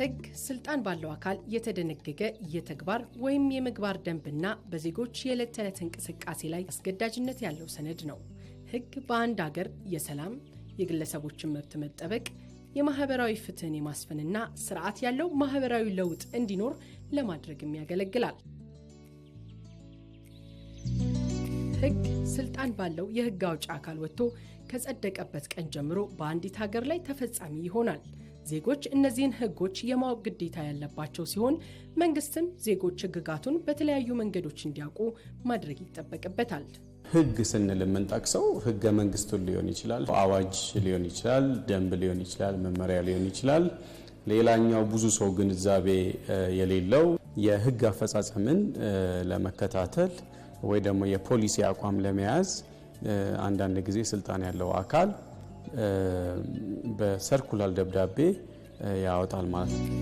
ህግ ስልጣን ባለው አካል የተደነገገ የተግባር ወይም የምግባር ደንብና በዜጎች የዕለት ተዕለት እንቅስቃሴ ላይ አስገዳጅነት ያለው ሰነድ ነው። ህግ በአንድ አገር የሰላም የግለሰቦችን መብት መጠበቅ፣ የማህበራዊ ፍትህን የማስፈንና ስርዓት ያለው ማህበራዊ ለውጥ እንዲኖር ለማድረግም ያገለግላል። ህግ ስልጣን ባለው የህግ አውጭ አካል ወጥቶ ከጸደቀበት ቀን ጀምሮ በአንዲት ሀገር ላይ ተፈጻሚ ይሆናል። ዜጎች እነዚህን ህጎች የማወቅ ግዴታ ያለባቸው ሲሆን መንግስትም ዜጎች ህግጋቱን በተለያዩ መንገዶች እንዲያውቁ ማድረግ ይጠበቅበታል። ህግ ስንል የምንጠቅሰው ህገ መንግስቱን ሊሆን ይችላል፣ አዋጅ ሊሆን ይችላል፣ ደንብ ሊሆን ይችላል፣ መመሪያ ሊሆን ይችላል። ሌላኛው ብዙ ሰው ግንዛቤ የሌለው የህግ አፈጻጸምን ለመከታተል ወይ ደግሞ የፖሊሲ አቋም ለመያዝ አንዳንድ ጊዜ ስልጣን ያለው አካል በሰርኩላል ደብዳቤ ያወጣል ማለት ነው።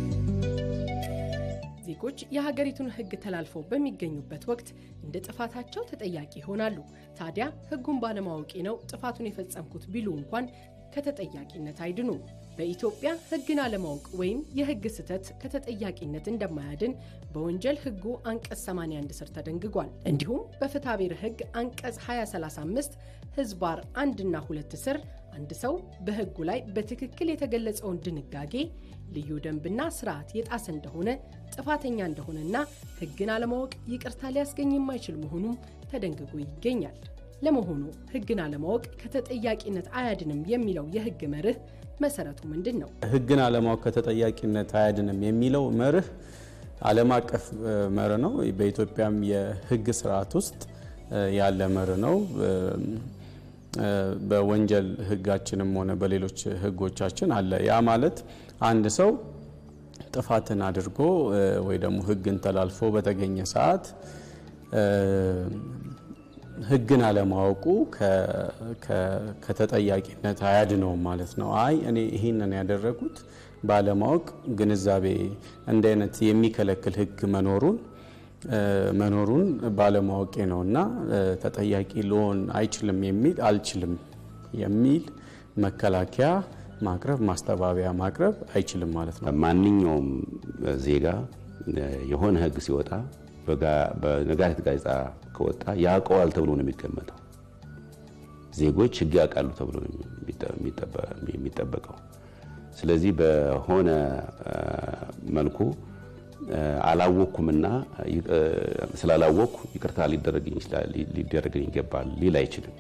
ዜጎች የሀገሪቱን ሕግ ተላልፈው በሚገኙበት ወቅት እንደ ጥፋታቸው ተጠያቂ ይሆናሉ። ታዲያ ሕጉን ባለማወቂ ነው ጥፋቱን የፈጸምኩት ቢሉ እንኳን ከተጠያቂነት አይድኑ። በኢትዮጵያ ሕግን አለማወቅ ወይም የሕግ ስህተት ከተጠያቂነት እንደማያድን በወንጀል ሕጉ አንቀጽ 81 ስር ተደንግጓል። እንዲሁም በፍትሐ ብሔር ሕግ አንቀጽ 235 ህዝባር 1ና 2 ስር አንድ ሰው በሕጉ ላይ በትክክል የተገለጸውን ድንጋጌ ልዩ ደንብና ስርዓት የጣሰ እንደሆነ ጥፋተኛ እንደሆነና ሕግን አለማወቅ ይቅርታ ሊያስገኝ የማይችል መሆኑም ተደንግጎ ይገኛል። ለመሆኑ ሕግን አለማወቅ ከተጠያቂነት አያድንም የሚለው የሕግ መርህ መሰረቱ ምንድን ነው? ሕግን አለማወቅ ከተጠያቂነት አያድንም የሚለው መርህ ዓለም አቀፍ መርህ ነው። በኢትዮጵያም የሕግ ስርዓት ውስጥ ያለ መርህ ነው። በወንጀል ህጋችንም ሆነ በሌሎች ህጎቻችን አለ። ያ ማለት አንድ ሰው ጥፋትን አድርጎ ወይ ደግሞ ህግን ተላልፎ በተገኘ ሰዓት ህግን አለማወቁ ከተጠያቂነት አያድነውም ማለት ነው። አይ እኔ ይህንን ያደረጉት ባለማወቅ ግንዛቤ እንዲህ አይነት የሚከለክል ህግ መኖሩን መኖሩን ባለማወቄ ነው እና ተጠያቂ ልሆን አይችልም የሚል አልችልም የሚል መከላከያ ማቅረብ ማስተባበያ ማቅረብ አይችልም ማለት ነው። ማንኛውም ዜጋ የሆነ ሕግ ሲወጣ በነጋሪት ጋዜጣ ከወጣ ያውቀዋል ተብሎ ነው የሚገመተው። ዜጎች ሕግ ያውቃሉ ተብሎ የሚጠበቀው። ስለዚህ በሆነ መልኩ አላወኩምና ስላላወኩ ይቅርታ ሊደረግልኝ ይገባል ሊል አይችልም።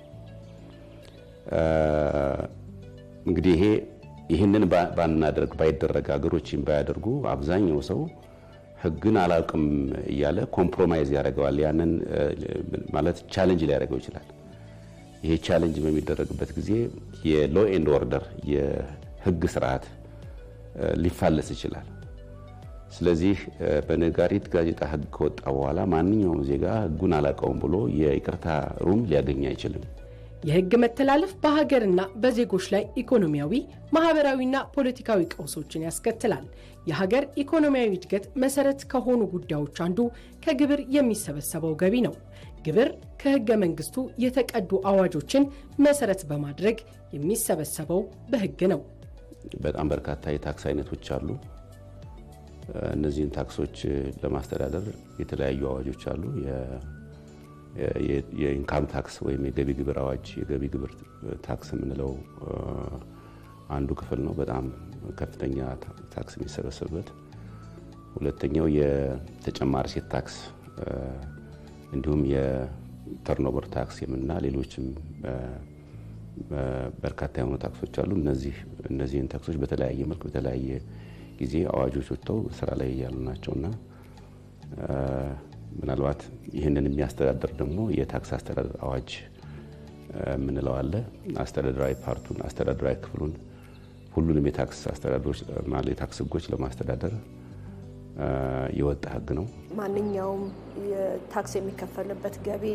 እንግዲህ ይሄ ይህንን ባናደርግ ባይደረግ ሀገሮችን ባያደርጉ አብዛኛው ሰው ህግን አላውቅም እያለ ኮምፕሮማይዝ ያደርገዋል። ያንን ማለት ቻለንጅ ሊያደርገው ይችላል። ይሄ ቻለንጅ በሚደረግበት ጊዜ የሎ ኤንድ ኦርደር የህግ ስርዓት ሊፋለስ ይችላል። ስለዚህ በነጋሪት ጋዜጣ ህግ ከወጣ በኋላ ማንኛውም ዜጋ ህጉን አላቀውም ብሎ የይቅርታ ሩም ሊያገኝ አይችልም። የህግ መተላለፍ በሀገርና በዜጎች ላይ ኢኮኖሚያዊ፣ ማህበራዊና ፖለቲካዊ ቀውሶችን ያስከትላል። የሀገር ኢኮኖሚያዊ እድገት መሰረት ከሆኑ ጉዳዮች አንዱ ከግብር የሚሰበሰበው ገቢ ነው። ግብር ከህገ መንግስቱ የተቀዱ አዋጆችን መሰረት በማድረግ የሚሰበሰበው በህግ ነው። በጣም በርካታ የታክስ አይነቶች አሉ። እነዚህን ታክሶች ለማስተዳደር የተለያዩ አዋጆች አሉ። የኢንካም ታክስ ወይም የገቢ ግብር አዋጅ፣ የገቢ ግብር ታክስ የምንለው አንዱ ክፍል ነው፣ በጣም ከፍተኛ ታክስ የሚሰበሰብበት። ሁለተኛው የተጨማሪ እሴት ታክስ እንዲሁም የተርኖቨር ታክስ የምና ሌሎችም በርካታ የሆኑ ታክሶች አሉ። እነዚህን ታክሶች በተለያየ መልክ በተለያየ ጊዜ አዋጆች ወጥተው ስራ ላይ እያሉ እና ምናልባት ይህንን የሚያስተዳድር ደግሞ የታክስ አስተዳደር አዋጅ የምንለው አለ። አስተዳደራዊ ፓርቱን አስተዳደራዊ ክፍሉን ሁሉንም የታክስ አስተዳደሮች ማለት የታክስ ህጎች ለማስተዳደር የወጣ ህግ ነው። ማንኛውም ታክስ የሚከፈልበት ገቢ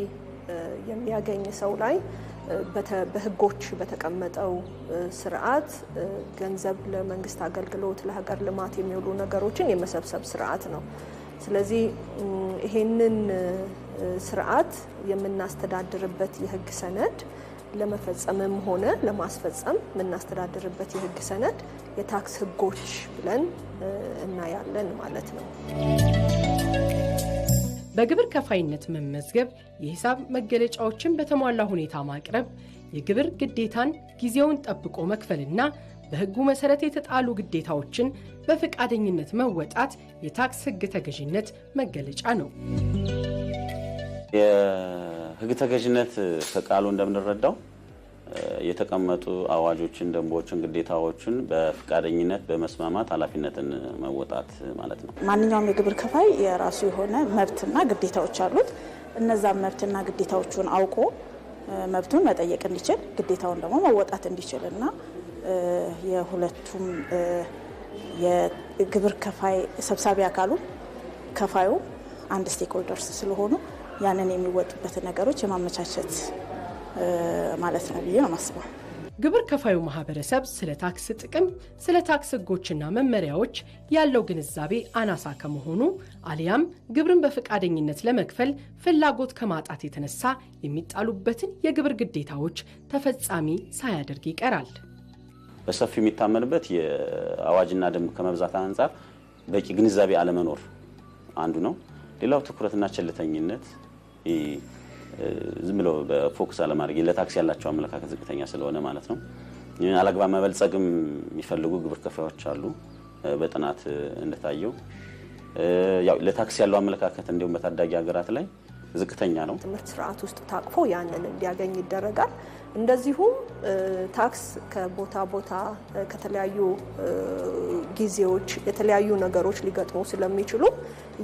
የሚያገኝ ሰው ላይ በህጎች በተቀመጠው ስርዓት ገንዘብ ለመንግስት አገልግሎት ለሀገር ልማት የሚውሉ ነገሮችን የመሰብሰብ ስርዓት ነው። ስለዚህ ይሄንን ስርዓት የምናስተዳድርበት የህግ ሰነድ ለመፈጸምም ሆነ ለማስፈጸም የምናስተዳድርበት የህግ ሰነድ የታክስ ህጎች ብለን እናያለን ማለት ነው። በግብር ከፋይነት መመዝገብ፣ የሂሳብ መገለጫዎችን በተሟላ ሁኔታ ማቅረብ፣ የግብር ግዴታን ጊዜውን ጠብቆ መክፈልና በሕጉ መሠረት የተጣሉ ግዴታዎችን በፈቃደኝነት መወጣት የታክስ ሕግ ተገዥነት መገለጫ ነው። የሕግ ተገዥነት ከቃሉ እንደምንረዳው የተቀመጡ አዋጆችን፣ ደንቦችን፣ ግዴታዎችን በፍቃደኝነት በመስማማት ኃላፊነትን መወጣት ማለት ነው። ማንኛውም የግብር ከፋይ የራሱ የሆነ መብትና ግዴታዎች አሉት። እነዛም መብትና ግዴታዎቹን አውቆ መብቱን መጠየቅ እንዲችል ግዴታውን ደግሞ መወጣት እንዲችል እና የሁለቱም የግብር ከፋይ ሰብሳቢ አካሉ ከፋዩ አንድ ስቴክሆልደርስ ስለሆኑ ያንን የሚወጡበትን ነገሮች የማመቻቸት ማለት ነው ብዬ ነው ማስበው። ግብር ከፋዩ ማህበረሰብ ስለ ታክስ ጥቅም፣ ስለ ታክስ ህጎችና መመሪያዎች ያለው ግንዛቤ አናሳ ከመሆኑ አሊያም ግብርን በፈቃደኝነት ለመክፈል ፍላጎት ከማጣት የተነሳ የሚጣሉበትን የግብር ግዴታዎች ተፈጻሚ ሳያደርግ ይቀራል። በሰፊው የሚታመንበት የአዋጅና ደንብ ከመብዛት አንጻር በቂ ግንዛቤ አለመኖር አንዱ ነው። ሌላው ትኩረትና ቸልተኝነት ዝም ብሎ በፎክስ አለማድረግ ለታክስ ያላቸው አመለካከት ዝቅተኛ ስለሆነ ማለት ነው። አላግባብ መበልጸግም የሚፈልጉ ግብር ከፋዮች አሉ። በጥናት እንደታየው ያው ለታክስ ያለው አመለካከት እንዲሁም በታዳጊ ሀገራት ላይ ዝቅተኛ ነው። ትምህርት ስርዓት ውስጥ ታቅፎ ያንን እንዲያገኝ ይደረጋል። እንደዚሁም ታክስ ከቦታ ቦታ ከተለያዩ ጊዜዎች የተለያዩ ነገሮች ሊገጥሙ ስለሚችሉ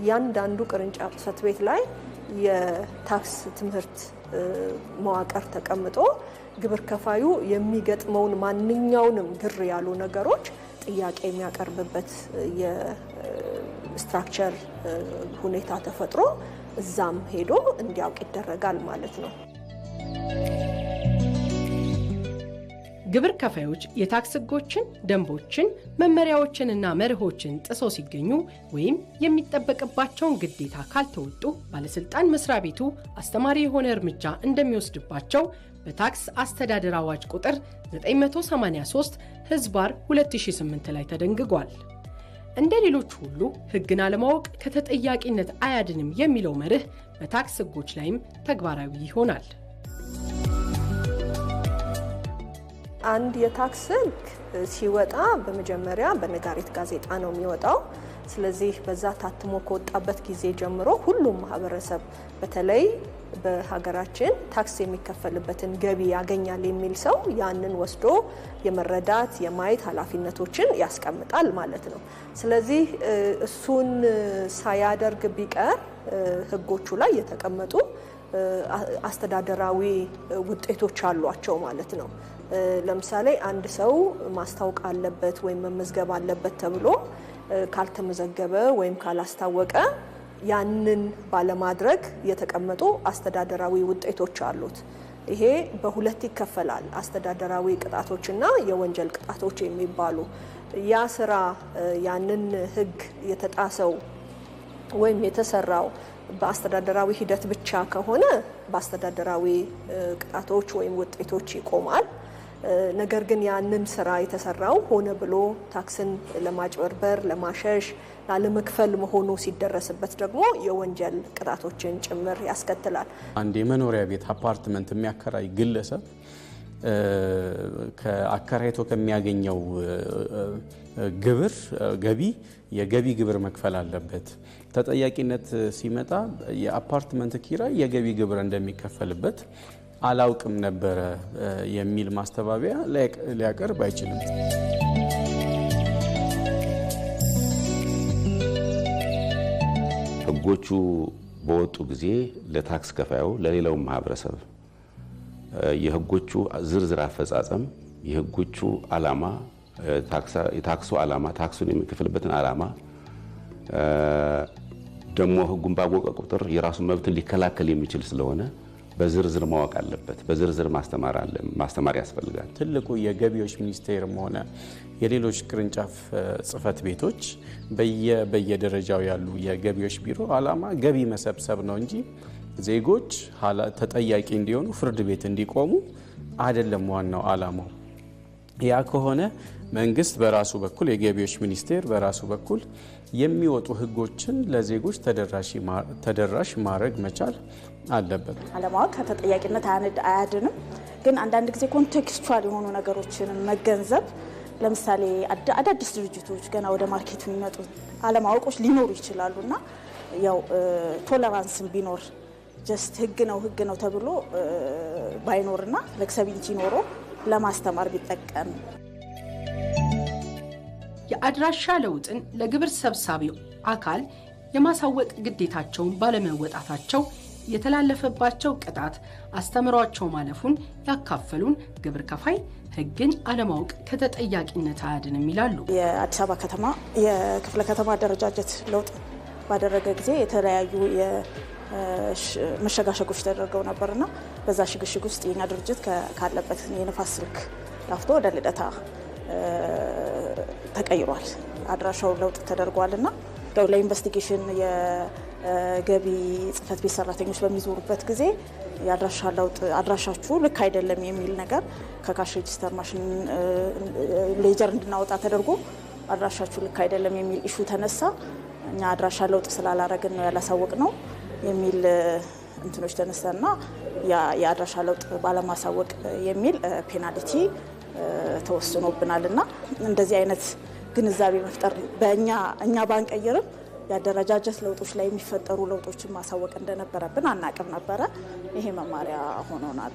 እያንዳንዱ ቅርንጫፍ ጽሕፈት ቤት ላይ የታክስ ትምህርት መዋቅር ተቀምጦ ግብር ከፋዩ የሚገጥመውን ማንኛውንም ግር ያሉ ነገሮች ጥያቄ የሚያቀርብበት የስትራክቸር ሁኔታ ተፈጥሮ እዛም ሄዶ እንዲያውቅ ይደረጋል ማለት ነው። ግብር ከፋዮች የታክስ ህጎችን ደንቦችን፣ መመሪያዎችንና መርሆችን ጥሰው ሲገኙ ወይም የሚጠበቅባቸውን ግዴታ ካልተወጡ ባለስልጣን መስሪያ ቤቱ አስተማሪ የሆነ እርምጃ እንደሚወስድባቸው በታክስ አስተዳደር አዋጅ ቁጥር 983 ህዝባር 2008 ላይ ተደንግጓል። እንደ ሌሎች ሁሉ ህግን አለማወቅ ከተጠያቂነት አያድንም የሚለው መርህ በታክስ ህጎች ላይም ተግባራዊ ይሆናል። አንድ የታክስ ህግ ሲወጣ በመጀመሪያ በነጋሪት ጋዜጣ ነው የሚወጣው። ስለዚህ በዛ ታትሞ ከወጣበት ጊዜ ጀምሮ ሁሉም ማህበረሰብ በተለይ በሀገራችን ታክስ የሚከፈልበትን ገቢ ያገኛል የሚል ሰው ያንን ወስዶ የመረዳት የማየት ኃላፊነቶችን ያስቀምጣል ማለት ነው። ስለዚህ እሱን ሳያደርግ ቢቀር ህጎቹ ላይ የተቀመጡ አስተዳደራዊ ውጤቶች አሏቸው ማለት ነው። ለምሳሌ አንድ ሰው ማስታወቅ አለበት ወይም መመዝገብ አለበት ተብሎ ካልተመዘገበ ወይም ካላስታወቀ ያንን ባለማድረግ የተቀመጡ አስተዳደራዊ ውጤቶች አሉት። ይሄ በሁለት ይከፈላል፣ አስተዳደራዊ ቅጣቶች ና የወንጀል ቅጣቶች የሚባሉ። ያ ስራ ያንን ህግ የተጣሰው ወይም የተሰራው በአስተዳደራዊ ሂደት ብቻ ከሆነ በአስተዳደራዊ ቅጣቶች ወይም ውጤቶች ይቆማል። ነገር ግን ያንን ስራ የተሰራው ሆነ ብሎ ታክስን ለማጭበርበር፣ ለማሸሽ፣ ላለመክፈል መሆኑ ሲደረስበት ደግሞ የወንጀል ቅጣቶችን ጭምር ያስከትላል። አንድ የመኖሪያ ቤት አፓርትመንት የሚያከራይ ግለሰብ ከአከራይቶ ከሚያገኘው ግብር ገቢ የገቢ ግብር መክፈል አለበት። ተጠያቂነት ሲመጣ የአፓርትመንት ኪራይ የገቢ ግብር እንደሚከፈልበት አላውቅም ነበረ የሚል ማስተባበያ ሊያቀርብ አይችልም። ህጎቹ በወጡ ጊዜ ለታክስ ከፋዩ ለሌላው ማህበረሰብ የህጎቹ ዝርዝር አፈጻጸም፣ የህጎቹ አላማ የታክሱ አላማ። ታክሱን የሚከፍልበትን አላማ ደግሞ ህጉን ባወቀ ቁጥር የራሱን መብትን ሊከላከል የሚችል ስለሆነ በዝርዝር ማወቅ አለበት። በዝርዝር ማስተማር ያስፈልጋል። ትልቁ የገቢዎች ሚኒስቴርም ሆነ የሌሎች ቅርንጫፍ ጽህፈት ቤቶች በየደረጃው ያሉ የገቢዎች ቢሮ አላማ ገቢ መሰብሰብ ነው እንጂ ዜጎች ተጠያቂ እንዲሆኑ፣ ፍርድ ቤት እንዲቆሙ አይደለም ዋናው አላማው ያ ከሆነ መንግስት በራሱ በኩል የገቢዎች ሚኒስቴር በራሱ በኩል የሚወጡ ህጎችን ለዜጎች ተደራሽ ማድረግ መቻል አለበት። አለማወቅ ከተጠያቂነት አያድንም። ግን አንዳንድ ጊዜ ኮንቴክስቹዋል የሆኑ ነገሮችን መገንዘብ ለምሳሌ አዳዲስ ድርጅቶች ገና ወደ ማርኬት የሚመጡ አለማወቆች ሊኖሩ ይችላሉ እና ያው ቶለራንስም ቢኖር ጀስት ህግ ነው ህግ ነው ተብሎ ባይኖርና ፍሌክሲቢሊቲ ኖሮ ለማስተማር ቢጠቀም የአድራሻ ለውጥን ለግብር ሰብሳቢው አካል የማሳወቅ ግዴታቸውን ባለመወጣታቸው የተላለፈባቸው ቅጣት አስተምሯቸው ማለፉን ያካፈሉን ግብር ከፋይ ህግን አለማወቅ ከተጠያቂነት አያድንም ይላሉ። የአዲስ አበባ ከተማ የክፍለ ከተማ አደረጃጀት ለውጥ ባደረገ ጊዜ የተለያዩ መሸጋሸጎች ተደርገው ነበርና በዛ ሽግሽግ ውስጥ የኛ ድርጅት ካለበት የንፋስ ስልክ ላፍቶ ወደ ልደታ ተቀይሯል። አድራሻው ለውጥ ተደርጓልና እንደው ለኢንቨስቲጌሽን የገቢ ጽህፈት ቤት ሰራተኞች በሚዞሩበት ጊዜ የአድራሻ ለውጥ አድራሻችሁ ልክ አይደለም የሚል ነገር ከካሽ ሬጅስተር ማሽን ሌጀር እንድናወጣ ተደርጎ አድራሻችሁ ልክ አይደለም የሚል ኢሹ ተነሳ። እኛ አድራሻ ለውጥ ስላላረግን ነው ያላሳወቅ ነው የሚል እንትኖች ተነሳና የአድራሻ ለውጥ ባለማሳወቅ የሚል ፔናልቲ ተወስኖብናል እና እንደዚህ አይነት ግንዛቤ መፍጠር በእኛ እኛ ባንቀይርም የአደረጃጀት ለውጦች ላይ የሚፈጠሩ ለውጦችን ማሳወቅ እንደነበረብን አናቅም ነበረ። ይሄ መማሪያ ሆኖናል።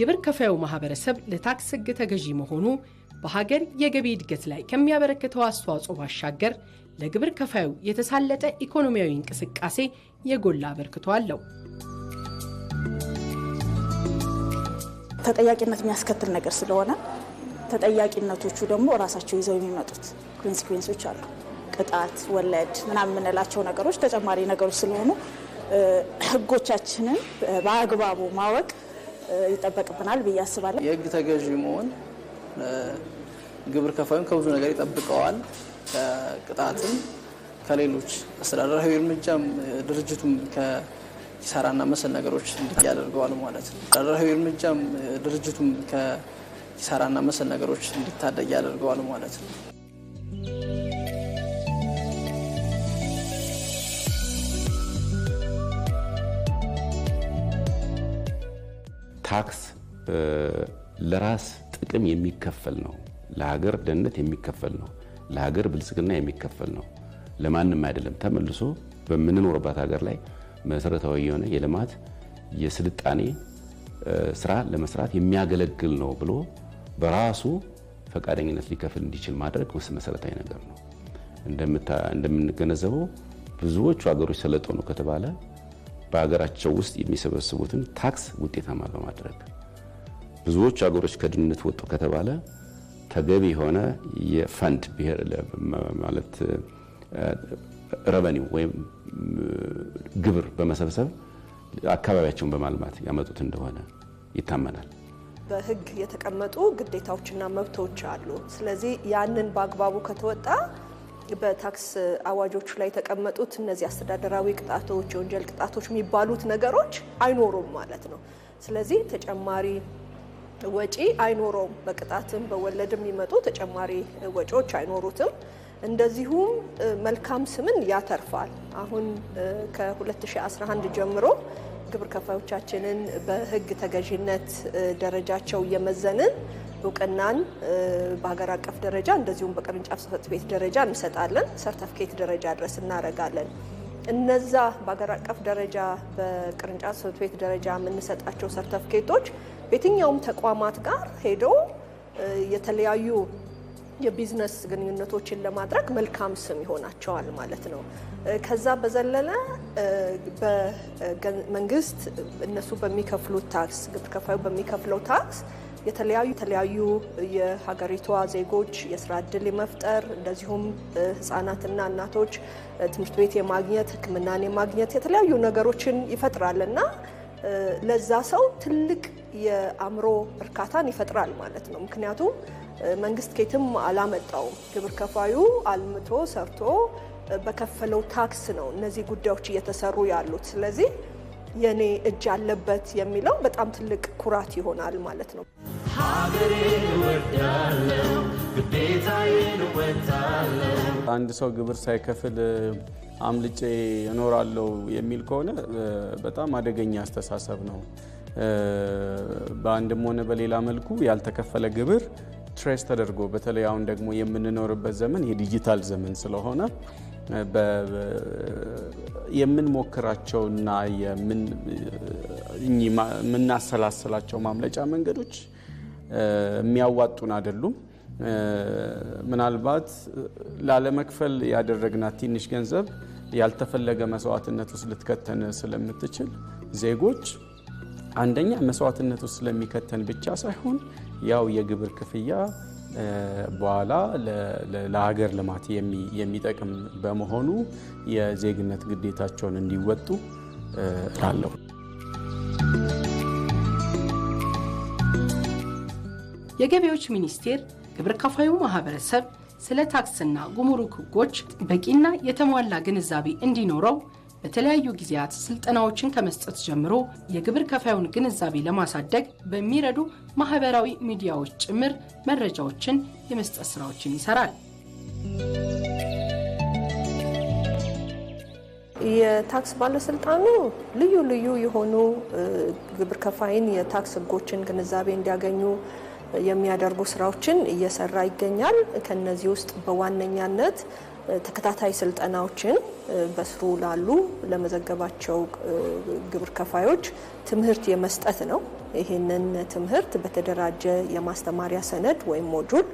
ግብር ከፋዩ ማህበረሰብ ለታክስ ሕግ ተገዢ መሆኑ በሀገር የገቢ እድገት ላይ ከሚያበረክተው አስተዋጽኦ ባሻገር ለግብር ከፋዩ የተሳለጠ ኢኮኖሚያዊ እንቅስቃሴ የጎላ አበርክቶ አለው። ተጠያቂነት የሚያስከትል ነገር ስለሆነ ተጠያቂነቶቹ ደግሞ እራሳቸው ይዘው የሚመጡት ኮንሲኩዌንሶች አሉ። ቅጣት፣ ወለድ ምናምን የምንላቸው ነገሮች ተጨማሪ ነገሮች ስለሆኑ ህጎቻችንን በአግባቡ ማወቅ ይጠበቅብናል ብዬ አስባለሁ። የህግ ተገዢ መሆን ግብር ከፋዩን ከብዙ ነገር ይጠብቀዋል። ከቅጣትም፣ ከሌሎች አስተዳደራዊ እርምጃም ድርጅቱም ኪሳራና መሰል ነገሮች እንዲህ ያደርገዋል ማለት ነው። አስተዳደራዊ እርምጃም ድርጅቱም ከኪሳራና መሰል ነገሮች እንዲታደግ ያደርገዋል ማለት ነው። ታክስ ለራስ ጥቅም የሚከፈል ነው። ለሀገር ደህንነት የሚከፈል ነው። ለሀገር ብልጽግና የሚከፈል ነው። ለማንም አይደለም። ተመልሶ በምንኖርባት ሀገር ላይ መሰረታዊ የሆነ የልማት የስልጣኔ ስራ ለመስራት የሚያገለግል ነው ብሎ በራሱ ፈቃደኝነት ሊከፍል እንዲችል ማድረግ ውስጥ መሰረታዊ ነገር ነው። እንደምንገነዘበው ብዙዎቹ ሀገሮች ሰለጠኑ ከተባለ በሀገራቸው ውስጥ የሚሰበስቡትን ታክስ ውጤታማ በማድረግ ብዙዎቹ ሀገሮች ከድህነት ወጡ ከተባለ ተገቢ የሆነ የፈንድ ብሔር ማለት ረቨኒው ወይም ግብር በመሰብሰብ አካባቢያቸውን በማልማት ያመጡት እንደሆነ ይታመናል። በህግ የተቀመጡ ግዴታዎችና መብቶች አሉ። ስለዚህ ያንን በአግባቡ ከተወጣ በታክስ አዋጆቹ ላይ የተቀመጡት እነዚህ አስተዳደራዊ ቅጣቶች፣ የወንጀል ቅጣቶች የሚባሉት ነገሮች አይኖሩም ማለት ነው። ስለዚህ ተጨማሪ ወጪ አይኖረውም። በቅጣትም በወለድ የሚመጡ ተጨማሪ ወጪዎች አይኖሩትም። እንደዚሁም መልካም ስምን ያተርፋል። አሁን ከ2011 ጀምሮ ግብር ከፋዮቻችንን በሕግ ተገዥነት ደረጃቸው እየመዘንን እውቅናን በሀገር አቀፍ ደረጃ እንደዚሁም በቅርንጫፍ ጽሕፈት ቤት ደረጃ እንሰጣለን። ሰርተፍኬት ደረጃ ድረስ እናደርጋለን። እነዛ በሀገር አቀፍ ደረጃ በቅርንጫፍ ጽሕፈት ቤት ደረጃ የምንሰጣቸው ሰርተፍኬቶች በየትኛውም ተቋማት ጋር ሄደው የተለያዩ የቢዝነስ ግንኙነቶችን ለማድረግ መልካም ስም ይሆናቸዋል ማለት ነው። ከዛ በዘለለ በመንግስት እነሱ በሚከፍሉት ታክስ፣ ግብር ከፋዩ በሚከፍለው ታክስ የተለያዩ የተለያዩ የሀገሪቷ ዜጎች የስራ እድል የመፍጠር እንደዚሁም ህጻናትና እናቶች ትምህርት ቤት የማግኘት ሕክምናን የማግኘት የተለያዩ ነገሮችን ይፈጥራል እና ለዛ ሰው ትልቅ የአእምሮ እርካታን ይፈጥራል ማለት ነው ምክንያቱም መንግስት ከየትም አላመጣውም። ግብር ከፋዩ አልምቶ ሰርቶ በከፈለው ታክስ ነው እነዚህ ጉዳዮች እየተሰሩ ያሉት። ስለዚህ የኔ እጅ አለበት የሚለው በጣም ትልቅ ኩራት ይሆናል ማለት ነው። አንድ ሰው ግብር ሳይከፍል አምልጬ እኖራለሁ የሚል ከሆነ በጣም አደገኛ አስተሳሰብ ነው። በአንድም ሆነ በሌላ መልኩ ያልተከፈለ ግብር ትሬስ ተደርጎ በተለይ አሁን ደግሞ የምንኖርበት ዘመን የዲጂታል ዘመን ስለሆነ የምንሞክራቸውና የምናሰላስላቸው ማምለጫ መንገዶች የሚያዋጡን አይደሉም። ምናልባት ላለመክፈል ያደረግናት ትንሽ ገንዘብ ያልተፈለገ መስዋዕትነት ውስጥ ልትከተን ስለምትችል ዜጎች አንደኛ መስዋዕትነት ውስጥ ስለሚከተን ብቻ ሳይሆን ያው የግብር ክፍያ በኋላ ለሀገር ልማት የሚጠቅም በመሆኑ የዜግነት ግዴታቸውን እንዲወጡ እላለሁ። የገቢዎች ሚኒስቴር ግብር ከፋዩ ማህበረሰብ ስለ ታክስና ጉምሩክ ሕጎች በቂና የተሟላ ግንዛቤ እንዲኖረው በተለያዩ ጊዜያት ስልጠናዎችን ከመስጠት ጀምሮ የግብር ከፋዩን ግንዛቤ ለማሳደግ በሚረዱ ማህበራዊ ሚዲያዎች ጭምር መረጃዎችን የመስጠት ስራዎችን ይሰራል። የታክስ ባለስልጣኑ ልዩ ልዩ የሆኑ ግብር ከፋይን የታክስ ህጎችን ግንዛቤ እንዲያገኙ የሚያደርጉ ስራዎችን እየሰራ ይገኛል። ከነዚህ ውስጥ በዋነኛነት ተከታታይ ስልጠናዎችን በስሩ ላሉ ለመዘገባቸው ግብር ከፋዮች ትምህርት የመስጠት ነው። ይህንን ትምህርት በተደራጀ የማስተማሪያ ሰነድ ወይም ሞጁል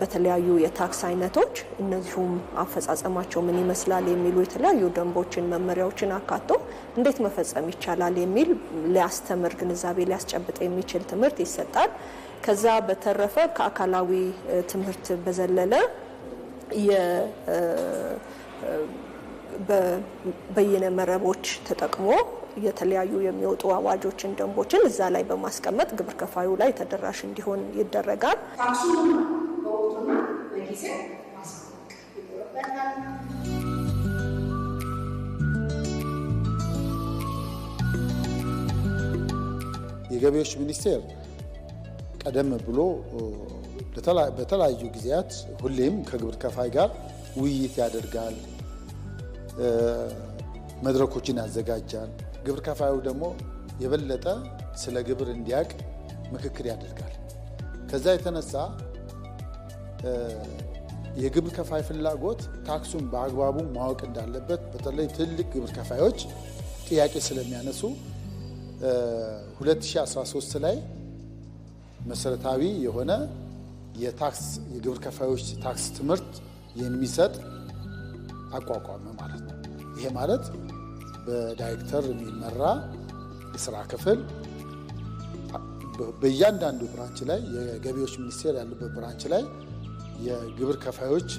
በተለያዩ የታክስ አይነቶች እነዚሁም አፈጻጸማቸው ምን ይመስላል የሚሉ የተለያዩ ደንቦችን፣ መመሪያዎችን አካቶ እንዴት መፈጸም ይቻላል የሚል ሊያስተምር ግንዛቤ ሊያስጨብጥ የሚችል ትምህርት ይሰጣል። ከዛ በተረፈ ከአካላዊ ትምህርት በዘለለ በይነ መረቦች ተጠቅሞ የተለያዩ የሚወጡ አዋጆችን፣ ደንቦችን እዛ ላይ በማስቀመጥ ግብር ከፋዩ ላይ ተደራሽ እንዲሆን ይደረጋል። የገቢዎች ሚኒስቴር ቀደም ብሎ በተለያዩ ጊዜያት ሁሌም ከግብር ከፋይ ጋር ውይይት ያደርጋል፣ መድረኮችን ያዘጋጃል። ግብር ከፋዩ ደግሞ የበለጠ ስለ ግብር እንዲያውቅ ምክክር ያደርጋል። ከዛ የተነሳ የግብር ከፋይ ፍላጎት ታክሱን በአግባቡ ማወቅ እንዳለበት በተለይ ትልቅ ግብር ከፋዮች ጥያቄ ስለሚያነሱ 2013 ላይ መሰረታዊ የሆነ የታክስ የግብር ከፋዮች ታክስ ትምህርት የሚሰጥ አቋቋመ ማለት ነው። ይሄ ማለት በዳይሬክተር የሚመራ የስራ ክፍል በእያንዳንዱ ብራንች ላይ የገቢዎች ሚኒስቴር ያለበት ብራንች ላይ የግብር ከፋዮች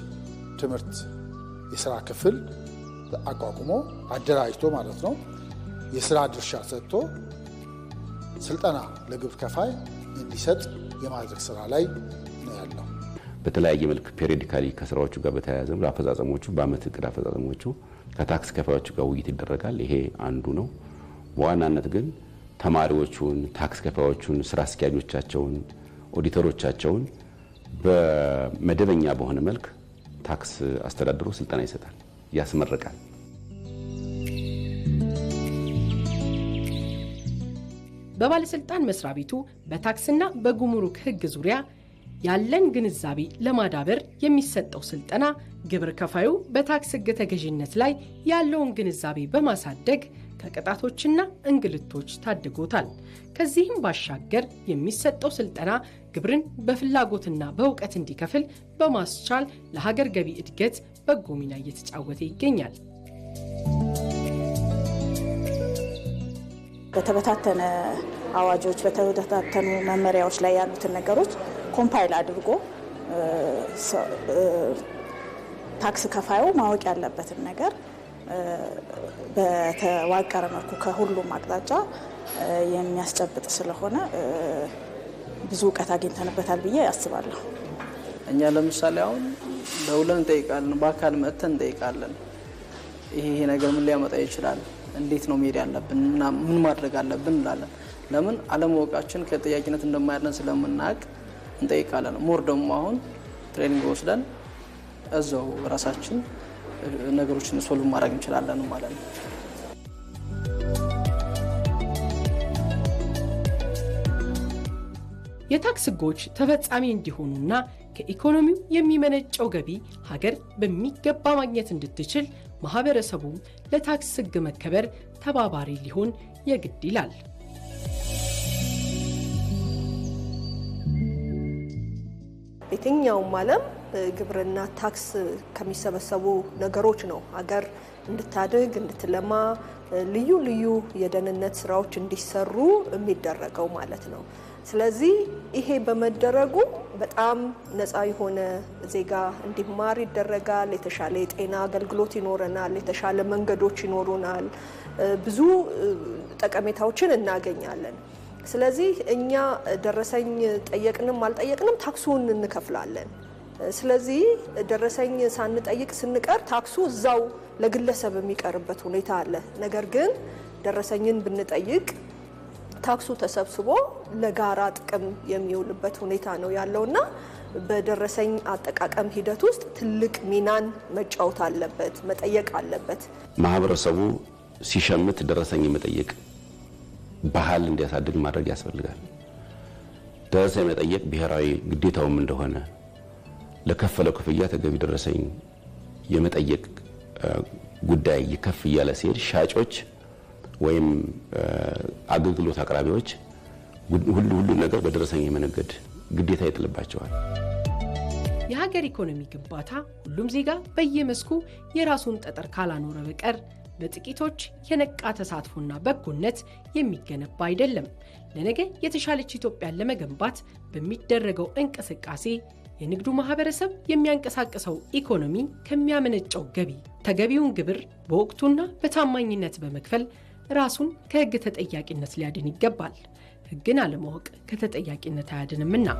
ትምህርት የስራ ክፍል አቋቁሞ አደራጅቶ ማለት ነው የስራ ድርሻ ሰጥቶ ስልጠና ለግብር ከፋይ እንዲሰጥ የማድረግ ስራ ላይ ያለው። በተለያየ መልክ ፔሪዲካሊ ከስራዎቹ ጋር በተያያዘ አፈጻጸሞቹ በአመት እቅድ አፈጻጸሞቹ ከታክስ ከፋዮቹ ጋር ውይይት ይደረጋል። ይሄ አንዱ ነው። በዋናነት ግን ተማሪዎቹን፣ ታክስ ከፋዮቹን፣ ስራ አስኪያጆቻቸውን፣ ኦዲተሮቻቸውን በመደበኛ በሆነ መልክ ታክስ አስተዳድሮ ስልጠና ይሰጣል፣ ያስመርቃል። በባለስልጣን መስሪያ ቤቱ በታክስና በጉምሩክ ህግ ዙሪያ ያለን ግንዛቤ ለማዳበር የሚሰጠው ስልጠና ግብር ከፋዩ በታክስ ህግ ተገዥነት ላይ ያለውን ግንዛቤ በማሳደግ ከቅጣቶችና እንግልቶች ታድጎታል። ከዚህም ባሻገር የሚሰጠው ስልጠና ግብርን በፍላጎትና በእውቀት እንዲከፍል በማስቻል ለሀገር ገቢ እድገት በጎ ሚና እየተጫወተ ይገኛል። በተበታተነ አዋጆች፣ በተበታተኑ መመሪያዎች ላይ ያሉትን ነገሮች ኮምፓይል አድርጎ ታክስ ከፋዩ ማወቅ ያለበትን ነገር በተዋቀረ መልኩ ከሁሉም አቅጣጫ የሚያስጨብጥ ስለሆነ ብዙ እውቀት አግኝተንበታል ብዬ አስባለሁ። እኛ ለምሳሌ አሁን ደውለን እንጠይቃለን፣ በአካል መጥተን እንጠይቃለን። ይሄ ነገር ምን ሊያመጣ ይችላል? እንዴት ነው መሄድ ያለብን? ምን ማድረግ አለብን እንላለን። ለምን አለማወቃችን ከጥያቄነት እንደማያድነን ስለምናውቅ እንጠይቃለን። ሞር ደግሞ አሁን ትሬኒንግ ወስደን እዛው ራሳችን ነገሮችን ሶልቭ ማድረግ እንችላለን ማለት ነው። የታክስ ህጎች ተፈጻሚ እንዲሆኑና ከኢኮኖሚው የሚመነጨው ገቢ ሀገር በሚገባ ማግኘት እንድትችል ማህበረሰቡም ለታክስ ህግ መከበር ተባባሪ ሊሆን የግድ ይላል። የትኛውም ዓለም ግብርና ታክስ ከሚሰበሰቡ ነገሮች ነው አገር እንድታድግ እንድትለማ ልዩ ልዩ የደህንነት ስራዎች እንዲሰሩ የሚደረገው ማለት ነው። ስለዚህ ይሄ በመደረጉ በጣም ነፃ የሆነ ዜጋ እንዲማር ይደረጋል። የተሻለ የጤና አገልግሎት ይኖረናል። የተሻለ መንገዶች ይኖሩናል። ብዙ ጠቀሜታዎችን እናገኛለን። ስለዚህ እኛ ደረሰኝ ጠየቅንም አልጠየቅንም ታክሱን እንከፍላለን። ስለዚህ ደረሰኝ ሳንጠይቅ ስንቀር ታክሱ እዛው ለግለሰብ የሚቀርበት ሁኔታ አለ። ነገር ግን ደረሰኝን ብንጠይቅ ታክሱ ተሰብስቦ ለጋራ ጥቅም የሚውልበት ሁኔታ ነው ያለውና በደረሰኝ አጠቃቀም ሂደት ውስጥ ትልቅ ሚናን መጫወት አለበት፣ መጠየቅ አለበት። ማህበረሰቡ ሲሸምት ደረሰኝ መጠየቅ ባህል እንዲያሳድግ ማድረግ ያስፈልጋል። ደረሰ የመጠየቅ ብሔራዊ ግዴታውም እንደሆነ ለከፈለው ክፍያ ተገቢ ደረሰኝ የመጠየቅ ጉዳይ ይከፍ እያለ ሲሄድ ሻጮች ወይም አገልግሎት አቅራቢዎች ሁሉ ሁሉ ነገር በደረሰኝ የመነገድ ግዴታ ይጥልባቸዋል። የሀገር ኢኮኖሚ ግንባታ ሁሉም ዜጋ በየመስኩ የራሱን ጠጠር ካላኖረ በቀር በጥቂቶች የነቃ ተሳትፎና በጎነት የሚገነባ አይደለም። ለነገ የተሻለች ኢትዮጵያን ለመገንባት በሚደረገው እንቅስቃሴ የንግዱ ማህበረሰብ የሚያንቀሳቅሰው ኢኮኖሚ ከሚያመነጨው ገቢ ተገቢውን ግብር በወቅቱና በታማኝነት በመክፈል ራሱን ከሕግ ተጠያቂነት ሊያድን ይገባል። ሕግን አለማወቅ ከተጠያቂነት አያድንምና።